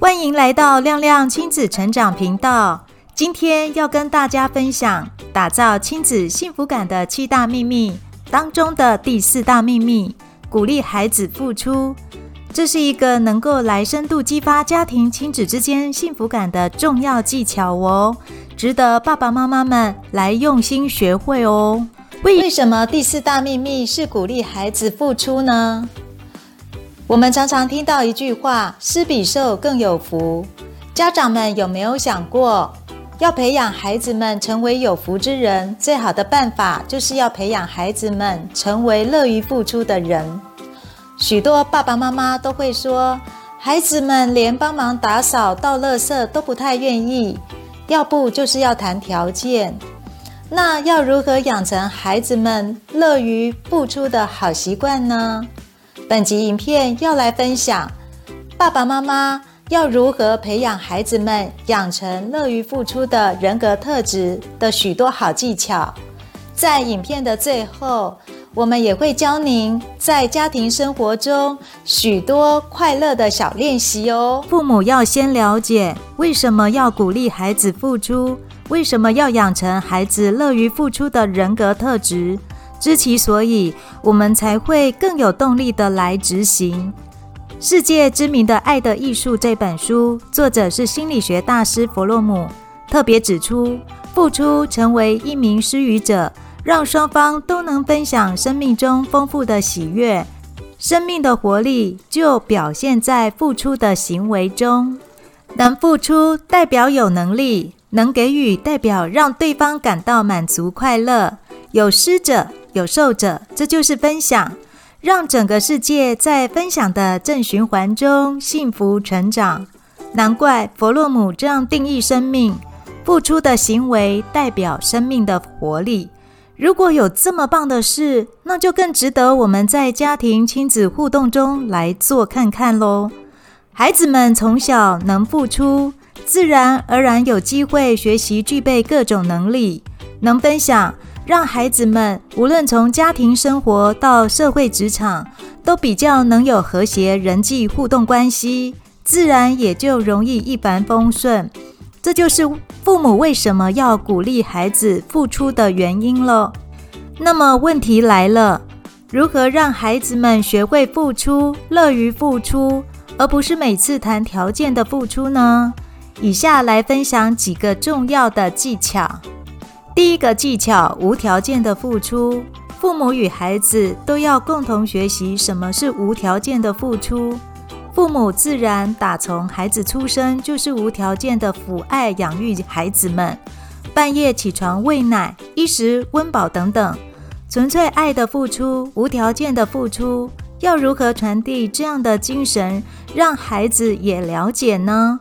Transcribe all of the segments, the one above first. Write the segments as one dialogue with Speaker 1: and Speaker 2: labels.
Speaker 1: 歡迎來到亮亮親子成長頻道。今天要跟大家分享打造親子幸福感的七大秘密當中的第四大秘密：鼓勵孩子付出。這是一個能夠來深度激發家庭親子之間幸福感的重要技巧哦，值得爸爸媽媽們來用心學會哦。為為什麼第四大秘密是鼓勵孩子付出呢？我們常常聽到一句話：“施比受更有福。”家長們有沒有想過，要培養孩子們成為有福之人，最好的辦法就是要培養孩子們成為樂於付出的人？許多爸爸媽媽都會說，孩子們連幫忙打掃、倒垃圾都不太願意，要不就是要談條件。那要如何養成孩子們樂於付出的好習慣呢？本集影片要來分享爸爸媽媽要如何培養孩子們養成樂於付出的人格特質的許多好技巧。在影片的最後，我們也會教您在家庭生活中許多快樂的小練習哦。父母要先了解為什麼要鼓勵孩子付出，為什麼要養成孩子樂於付出的人格特質。知其所以，我們才會更有動力的來執行。世界知名的《愛的藝術》這本書，作者是心理學大師弗洛姆，特別指出，付出成為一名施予者，讓雙方都能分享生命中豐富的喜悅。生命的活力就表現在付出的行為中。能付出代表有能力，能給予代表讓對方感到滿足快樂。有施者有受者，這就是分享，讓整個世界在分享的正循環中幸福成長。難怪佛洛姆這樣定義生命：付出的行為代表生命的活力。如果有這麼棒的事，那就更值得我們在家庭親子互動中來做看看嘍。孩子們從小能付出，自然而然有機會學習具備各種能力，能分享。讓孩子們無論從家庭生活到社會職場，都比較能有和諧人際互動關係，自然也就容易一帆風順。這就是父母為什麼要鼓勵孩子付出的原因了。那麼問題來了，如何讓孩子們學會付出、樂於付出，而不是每次談條件的付出呢？以下來分享幾個重要的技巧。第一個技巧：無條件的付出。父母與孩子都要共同學習什麼是無條件的付出。父母自然打從孩子出生就是無條件的撫愛養育孩子們，半夜起床喂奶、衣食溫飽等等，純粹愛的付出，無條件的付出。要如何傳遞這樣的精神，讓孩子也了解呢？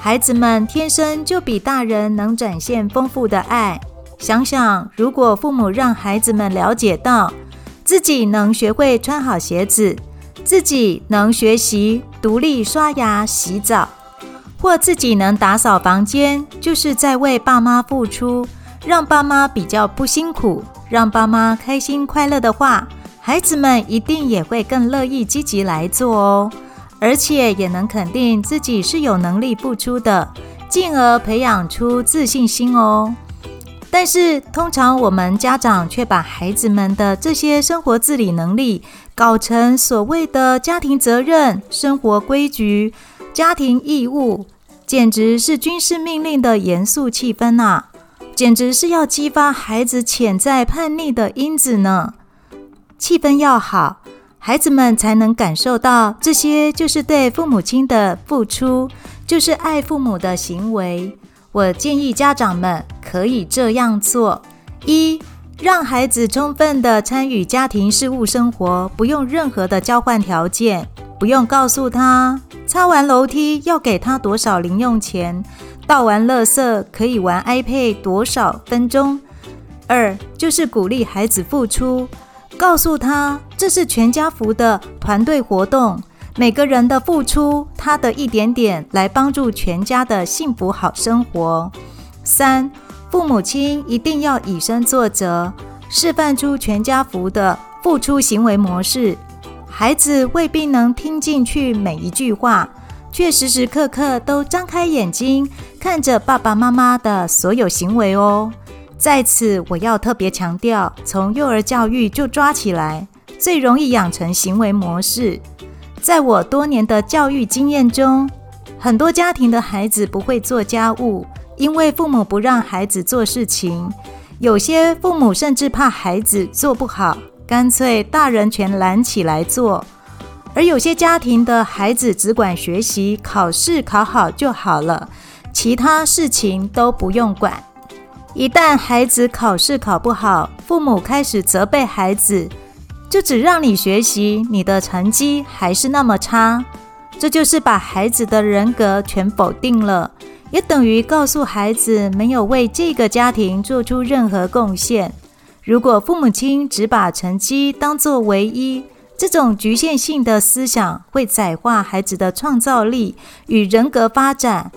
Speaker 1: 孩子們天生就比大人能展現豐富的愛。想想，如果父母讓孩子們了解到自己能學會穿好鞋子，自己能學習獨立刷牙洗澡，或自己能打掃房間，就是在為爸媽付出，讓爸媽比較不辛苦，讓爸媽開心快樂的話，孩子們一定也會更樂意積極來做哦。而且也能肯定自己是有能力付出的，進而培養出自信心哦。但是，通常我們家長卻把孩子們的這些生活自理能力搞成所謂的家庭責任、生活規矩、家庭義務，簡直是軍事命令的嚴肅氣氛吶、啊！簡直是要激發孩子潛在叛逆的因子呢。氣氛要好，孩子們才能感受到這些就是對父母親的付出，就是愛父母的行為。我建議家長們可以這樣做：一，讓孩子充分地參與家庭事務生活，不用任何的交換條件，不用告訴他擦完樓梯要給他多少零用錢，倒完垃圾可以玩 iPad 多少分鐘。二，就是鼓勵孩子付出，告訴他這是全家福的團隊活動。每個人的付出，他的一點點來幫助全家的幸福好生活。三，父母親一定要以身作則，示範出全家福的付出行為模式。孩子未必能聽進去每一句話，卻時時刻刻都張開眼睛看着爸爸媽媽的所有行為哦。在此，我要特別強調，從幼兒教育就抓起來，最容易養成行為模式。在我多年的教育經驗中，很多家庭的孩子不會做家務，因為父母不讓孩子做事情；有些父母甚至怕孩子做不好，乾脆大人全攬起來做；而有些家庭的孩子只管學習，考試考好就好了，其他事情都不用管。一旦孩子考試考不好，父母開始責備孩子。就只讓你學習，你的成績還是那麼差，這就是把孩子的人格全否定了，也等於告訴孩子沒有為這個家庭做出任何貢獻。如果父母親只把成績當作唯一，這種局限性的思想會窄化孩子的創造力與人格發展，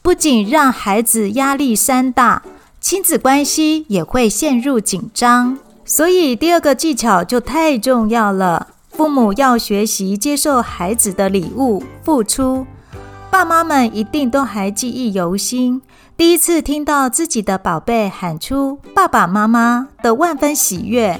Speaker 1: 不僅讓孩子壓力山大，親子關係也會陷入緊張。所以，第二個技巧就太重要了。父母要學習接受孩子的禮物，付出。爸媽們一定都還記憶猶新，第一次聽到自己的寶貝喊出“爸爸媽媽”的萬分喜悅，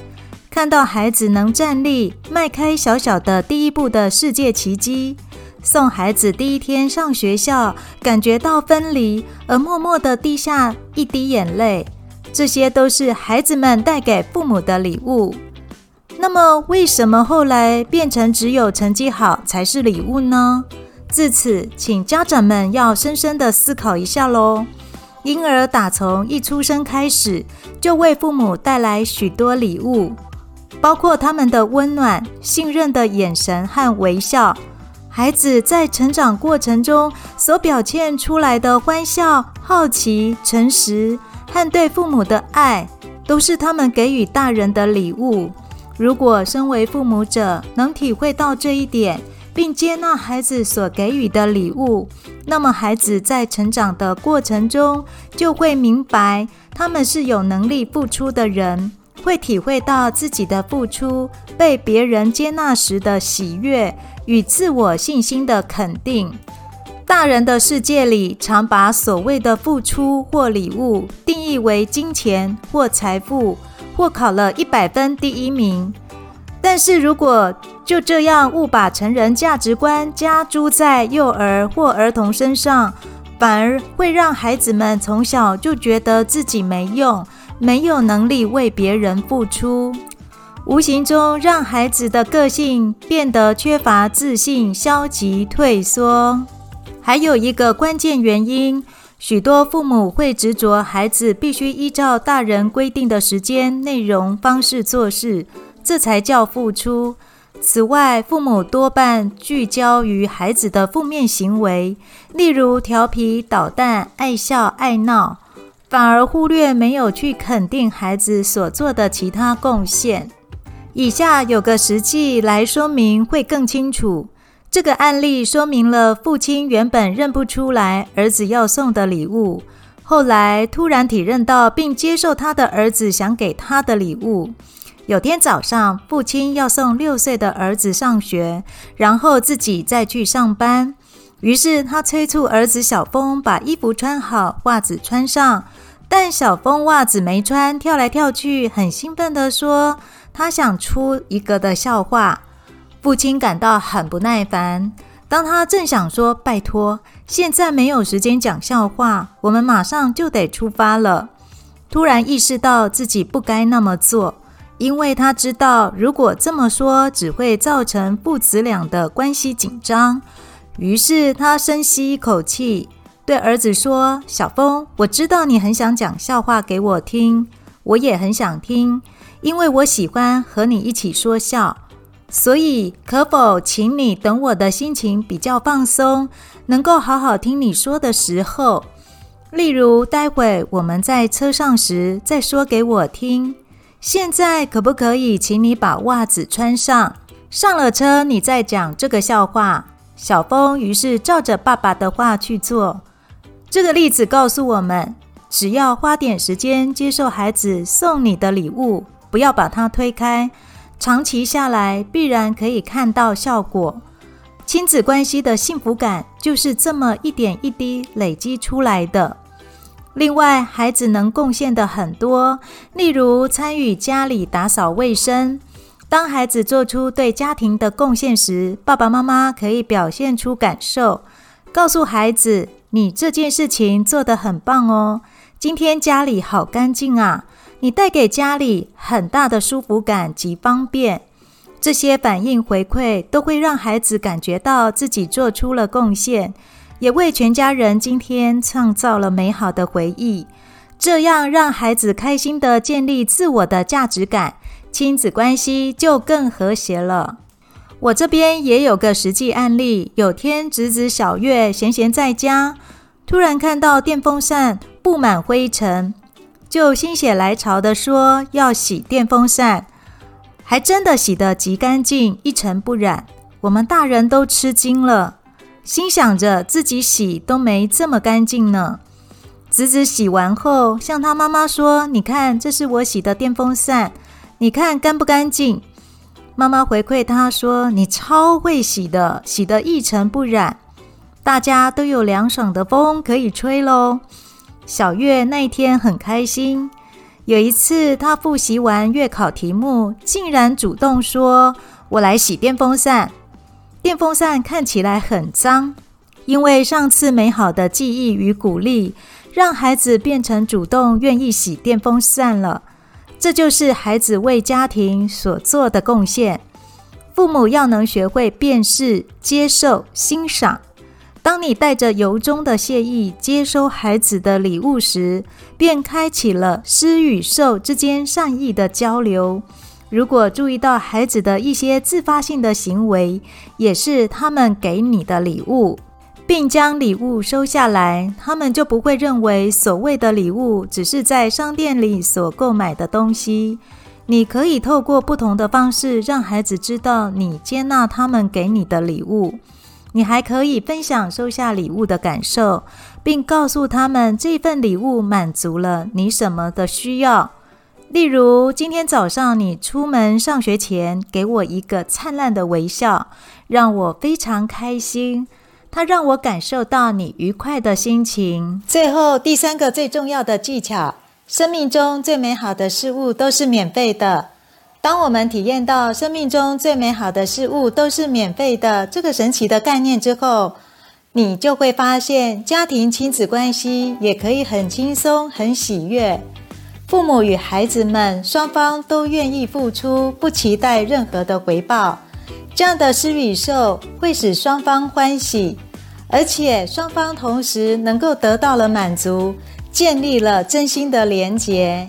Speaker 1: 看到孩子能站立、邁開小小的第一步的世界奇迹，送孩子第一天上學校，感覺到分離而默默的滴下一滴眼淚。這些都是孩子們帶給父母的禮物。那麼，為什麼後來變成只有成績好才是禮物呢？至此，請家長們要深深地思考一下嘍。嬰兒打從一出生開始，就為父母帶來許多禮物，包括他們的溫暖、信任的眼神和微笑。孩子在成長過程中所表現出來的歡笑。好奇、誠實和對父母的愛，都是他們給予大人的禮物。如果身為父母者能體會到這一點，並接納孩子所給予的禮物，那麼孩子在成長的過程中就會明白，他們是有能力付出的人，會體會到自己的付出被別人接納時的喜悅與自我信心的肯定。大人的世界裡，常把所謂的付出或禮物定義為金錢或財富，或考了一百分第一名。但是如果就這樣誤把成人價值觀加諸在幼兒或兒童身上，反而會讓孩子們從小就覺得自己沒用，沒有能力為別人付出，無形中讓孩子的個性變得缺乏自信、消極退縮。還有一個關鍵原因，許多父母會執着孩子必須依照大人規定的時間、內容、方式做事，這才叫付出。此外，父母多半聚焦於孩子的負面行為，例如調皮搗蛋、愛笑愛鬧，反而忽略沒有去肯定孩子所做的其他貢獻。以下有個實際例子來說明會更清楚。這個案例說明了父親原本認不出來兒子要送的禮物，後來突然體認到並接受他的兒子想給他的禮物。有天早上，父親要送六歲的兒子上學，然後自己再去上班，於是他催促兒子小峰把衣服穿好，襪子穿上。但小峰襪子沒穿，跳來跳去，很興奮地說：“他想出一個的笑話。”父親感到很不耐煩，當他正想說“拜托，現在沒有時間講笑話，我們馬上就得出發了”，突然意識到自己不該那麼做，因為他知道如果這麼說，只會造成父子倆的關係緊張。於是他深吸一口氣，對兒子說：“小峰，我知道你很想講笑話給我聽，我也很想聽，因為我喜歡和你一起說笑。”所以，可否請你等我的心情比較放鬆，能夠好好聽你說的時候？例如，待會我們在車上時再說給我聽。現在可不可以請你把襪子穿上？上了車，你再講這個笑話。小峰於是照着爸爸的話去做。這個例子告訴我們，只要花點時間接受孩子送你的禮物，不要把它推開。長期下來，必然可以看到效果。親子關係的幸福感就是這麼一點一滴累積出來的。另外，孩子能貢獻的很多，例如參與家裡打掃衛生。當孩子做出對家庭的貢獻時，爸爸媽媽可以表現出感受，告訴孩子：“你這件事情做得很棒哦，今天家裡好乾淨啊。”你帶給家裡很大的舒服感及方便，這些反應回饋都會讓孩子感覺到自己做出了貢獻，也為全家人今天創造了美好的回憶。這樣讓孩子開心地建立自我的價值感，親子關係就更和諧了。我這邊也有個實際案例，有天侄子，子小月閒閒在家，突然看到電風扇布滿灰塵。就心血來潮地說要洗電風扇，還真的洗得極乾淨，一塵不染。我們大人都吃驚了，心想着自己洗都沒這麼乾淨呢。侄子洗完後，向他媽媽說：“你看，這是我洗的電風扇，你看乾不乾淨？”媽媽回饋他說：“你超會洗的，洗得一塵不染，大家都有涼爽的風可以吹嘍。”小月那一天很開心，有一次，她復習完月考題目，竟然主動說：“我來洗電風扇。”電風扇看起來很髒，因為上次美好的記憶與鼓勵，讓孩子變成主動願意洗電風扇了。這就是孩子為家庭所做的貢獻。父母要能學會辨識、接受、欣賞。當你帶着由衷的謝意接收孩子的禮物時，便開啟了師與受之間善意的交流。如果注意到孩子的一些自發性的行為，也是他們給你的禮物，並將禮物收下來，他們就不會認為所謂的禮物只是在商店裡所購買的東西。你可以透過不同的方式讓孩子知道你接納他們給你的禮物。你還可以分享收下禮物的感受，並告訴他們這份禮物滿足了你什麼的需要。例如，今天早上你出門上學前給我一個燦爛的微笑，讓我非常開心。它讓我感受到你愉快的心情。最後第三個最重要的技巧：生命中最美好的事物都是免費的。當我們體驗到生命中最美好的事物都是免費的這個神奇的概念之後，你就會發現家庭親子關係也可以很輕鬆、很喜悅。父母與孩子們雙方都願意付出，不期待任何的回報。這樣的施與受會使雙方歡喜，而且雙方同時能夠得到了滿足，建立了真心的連結。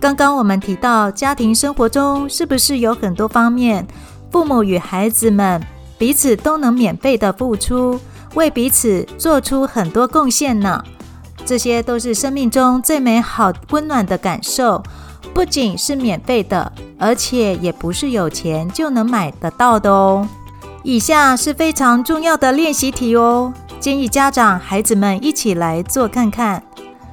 Speaker 1: 剛剛我們提到，家庭生活中是不是有很多方面，父母與孩子們彼此都能免費的付出，為彼此做出很多貢獻呢？這些都是生命中最美好、溫暖的感受，不僅是免費的，而且也不是有錢就能買得到的哦。以下是非常重要的練習題哦，建議家長、孩子們一起來做看看。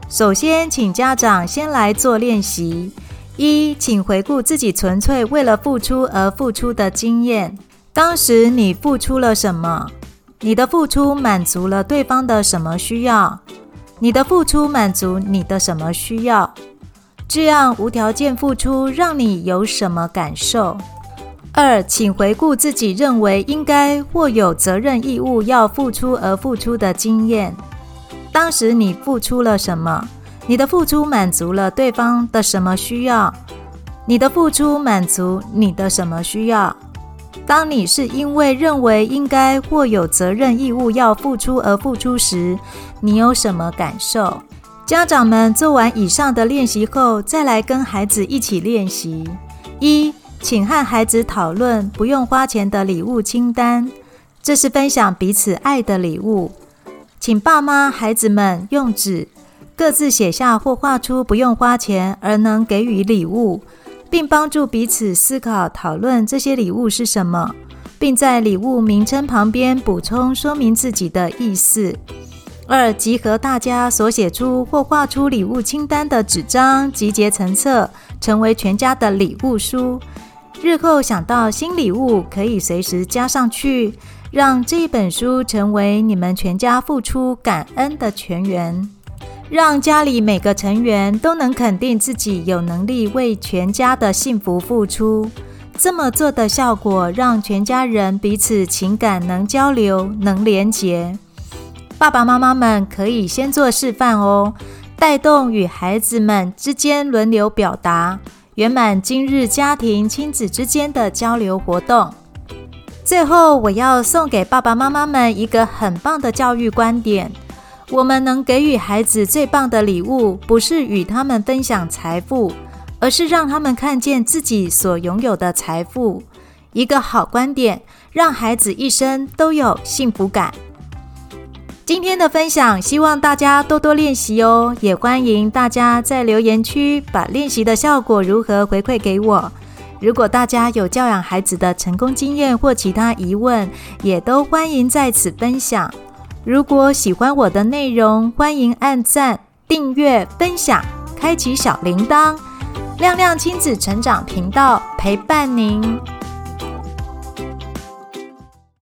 Speaker 1: 首先，請家長先來做練習：一，請回顧自己純粹為了付出而付出的經驗，當時你付出了什麼？你的付出滿足了對方的什麼需要？你的付出滿足你的什麼需要？這樣無條件付出讓你有什麼感受？二，請回顧自己認為應該或有責任義務要付出而付出的經驗。當時你付出了什麼？你的付出滿足了對方的什麼需要？你的付出滿足你的什麼需要？當你是因為認為應該或有責任義務要付出而付出時，你有什麼感受？家長們做完以上的練習後，再來跟孩子一起練習。一，請和孩子討論不用花錢的禮物清單，這是分享彼此愛的禮物。請爸媽、孩子們用紙各自寫下或畫出不用花錢而能給予禮物，並幫助彼此思考、討論這些禮物是什麼，並在禮物名稱旁邊補充說明自己的意思。二、集合大家所寫出或畫出禮物清單的紙張，集結成冊，成為全家的禮物書。日後想到新禮物，可以隨時加上去。讓這一本書成為你們全家付出感恩的泉源，讓家裡每個成員都能肯定自己有能力為全家的幸福付出。這麼做的效果，讓全家人彼此情感能交流、能連結。爸爸媽媽們可以先做示範哦，帶動與孩子們之間輪流表達，圓滿今日家庭親子之間的交流活動。最後，我要送給爸爸媽媽們一個很棒的教育觀點：我們能給予孩子最棒的禮物，不是與他們分享財富，而是讓他們看見自己所擁有的財富。一個好觀點，讓孩子一生都有幸福感。今天的分享，希望大家多多練習哦，也歡迎大家在留言區把練習的效果如何回饋給我。如果大家有教養孩子的成功經驗或其他疑問，也都歡迎在此分享。如果喜歡我的內容，歡迎按贊、訂閱、分享、開啟小鈴鐺，亮亮親子成長頻道陪伴您。